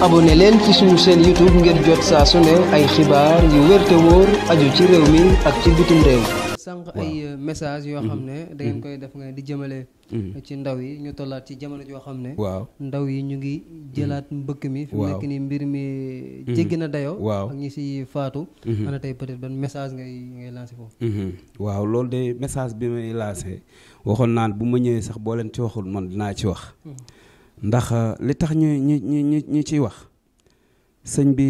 abonné leen ci suñu seen YouTube ngir jot saa su ne ay xibaar yu wér wóor aju ci réew mi ak ci bitim réew. sànq ay euh, message yoo xam mm-hmm. ne. da ngeen koy def nga di jëmale. Mm-hmm. ci ndaw yi ñu tollaat ci jamono joo xam ne. waaw ndaw yi ñu ngi jëlaat mm-hmm. mbëkk mi. fi mu nekk nii mbir mi jéggi na dayoo. waaw ak ñi si faatu. ana tey peut-être ban message ngay ngay lancé foofu. waaw loolu de message bi may lancé waxoon naan bu ma ñëwee sax boo leen ci waxul man dinaa ci wax. ndax euh, li tax ñu ñu ñu ñu ciy wax sëñ bi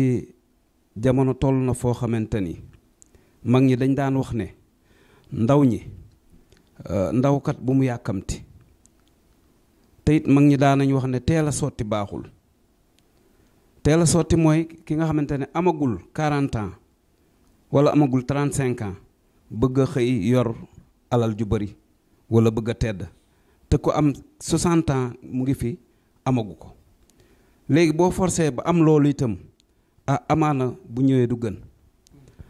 jamono toll na foo xamante ni mag ñi dañ daan wax ne ndaw ñi euh, ndawkat bu mu yàkkamti te mag ñi daan nañ wax ne teela a sotti baaxul teela a sotti mooy ki nga xamante ne amagul 40 ans wala amagul 35 ans bëgg a xëy yor alal ju bari wala bëgg tedd te ku am 60 ans mu ngi fi. amagu ko léegi boo forcé ba am loolu itam ah amaana bu ñëwee du gën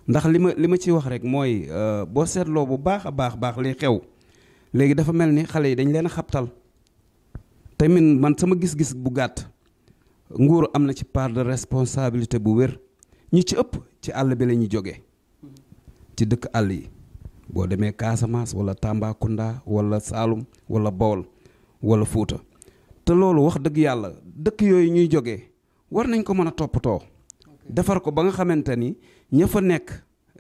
ndax li ma li ma ciy wax rek mooy euh, boo seetloo bu baax a baax baax li xew léegi dafa mel ni xale yi dañ leen a xaptal tamit man sama gis-gis bu gàtt nguur am na ci part de responsabilité bu wér ñi ci ëpp ci àll bi la ñuy jógee ci dëkk àll yi boo demee Casamance wala Tambacounda walla Saalum wala Bawol wala Fuuta te loolu wax dëgg yàlla dëkk yooyu ñuy jógee war nañ ko mën a toppatoo. defar ko ba nga xamante ni ña fa nekk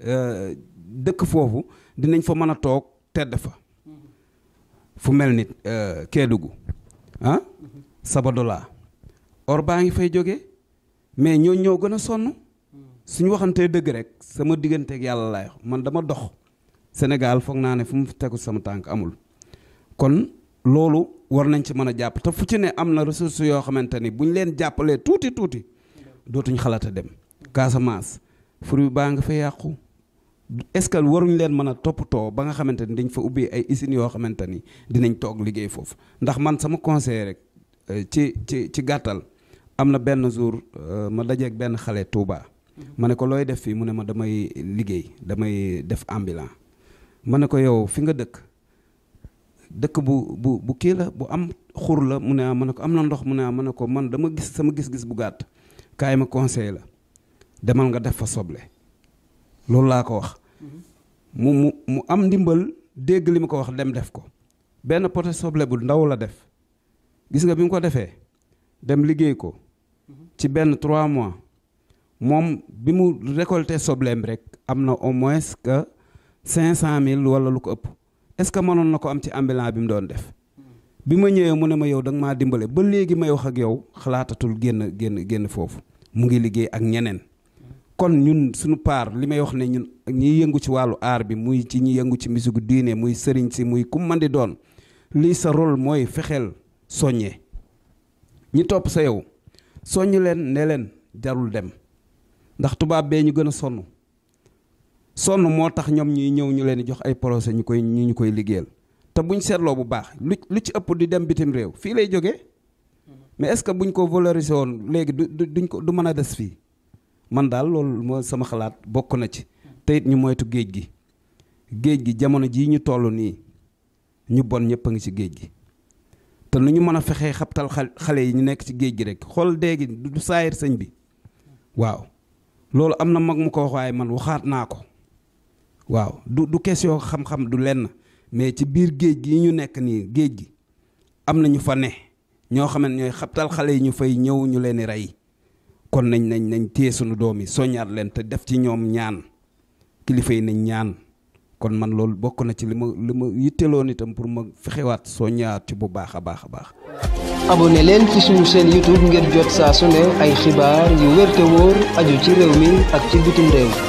euh, dëkk foofu dinañ fa mën a toog tedd fa. Mhm. fu mel ni euh, Kédougou ah. Mhm. Sabadola or baa ngi fay jóge mais ñoo ñoo gën a sonn mhm. suñu waxantee dëgg rek sama digganteeg yàlla laay man dama dox Sénégal foog naa ne fu mu tegu sama tànk amul kon. loolu war nañ ci mën a jàpp te fu ci ne am na ressource yoo xamante ni bu ñu leen jàppalee tuuti tuuti dootuñ xalaat a dem. Casamance fruit baa nga fa yàqu est-ce que waruñ leen mën a toppatoo ba nga xamante ni dañ fa ubbi ay usines yoo xamante ni dinañ toog liggéey foofu ndax man sama conseil rek euh, ci ci ci gàttal am na benn jour euh, ma dajeeg benn xale tuubaa ma ne ko looy def fii mu ne ma damay liggéey damay def ambulant ma ne ko yow fi nga dëkk. dëkk bu bu bu kii la bu am xur la mu ne ah ne ko am na ndox mu ne ah ma ne ko man dama gis sama gis-gis bu gàtt kaay ma conseil la demal nga def fa soble loolu laa ko wax. Mm-hmm. mu mu mu am ndimbal dégg li ma ko wax dem def ko benn poté soble bu ndaw la def gis nga bi mu ko defee dem liggéey ko mm-hmm. ci benn trois mois moom bi mu récolté sobleem rek am na au moins que cinq cent mille wala lu ko ëpp. est-ce que mënoon na ko am ci ambulance bi mu doon def bi ma ñëwee mu ne ma yow da nga maa dimbale ba léegi may wax ak yow xalaatatul génn génn génn foofu mu ngi liggéey ak ñeneen kon ñun suñu paar li may wax ne ñun ñi yëngu ci wàllu aar bi muy ci ñi yëngu ci misigu diine muy sëriñ si muy ku man di doon lii sa rôle mooy fexeel soññee ñi topp sa yow soññ leen ne leen jarul dem ndax tubaab bee ñu gën a sonn sonn moo tax ñoom ñuy ñëw ñu leen di jox ay procès ñu koy ñu ñu koy liggéeyal te buñ seetloo bu baax lu lu ci ëpp di dem bitim réew fii lay jóge mais est-ce que buñ ko valorisé woon léegi du duñ ko du mën a des fii man daal loolu moo sama xalaat bokk na ci te ñu moytu géej gi géej gi jamono jii ñu toll nii ñu bon ñëpp a ngi ci géej gi te nu ñu mën a fexee xabtal xale yi ñu nekk ci géej gi rek xool déegi du saayir sëñ bi waaw loolu am na mag mu ko wax waaye man waxaat naa ko waaw du du question xam-xam du lenn mais ci biir géej gi ñu nekk nii géej gi am na ñu fa ne ñoo xam ne ñooy xabtal xale yi ñu fay ñëw ñu leen di rey kon nañ nañ nañ téye suñu doom yi soññaat leen te def ci ñoom ñaan kilifa yi nañ ñaan kon man loolu bokk na ci li ma li ma yitteloon itam pour ma fexewaat soññaat ci bu baax a baax a baax. abonné leen ci suñu chaîne YouTube ngir jot saa su ne ay xibaar yu wér wóor aju ci réew mi ak ci bitim réew.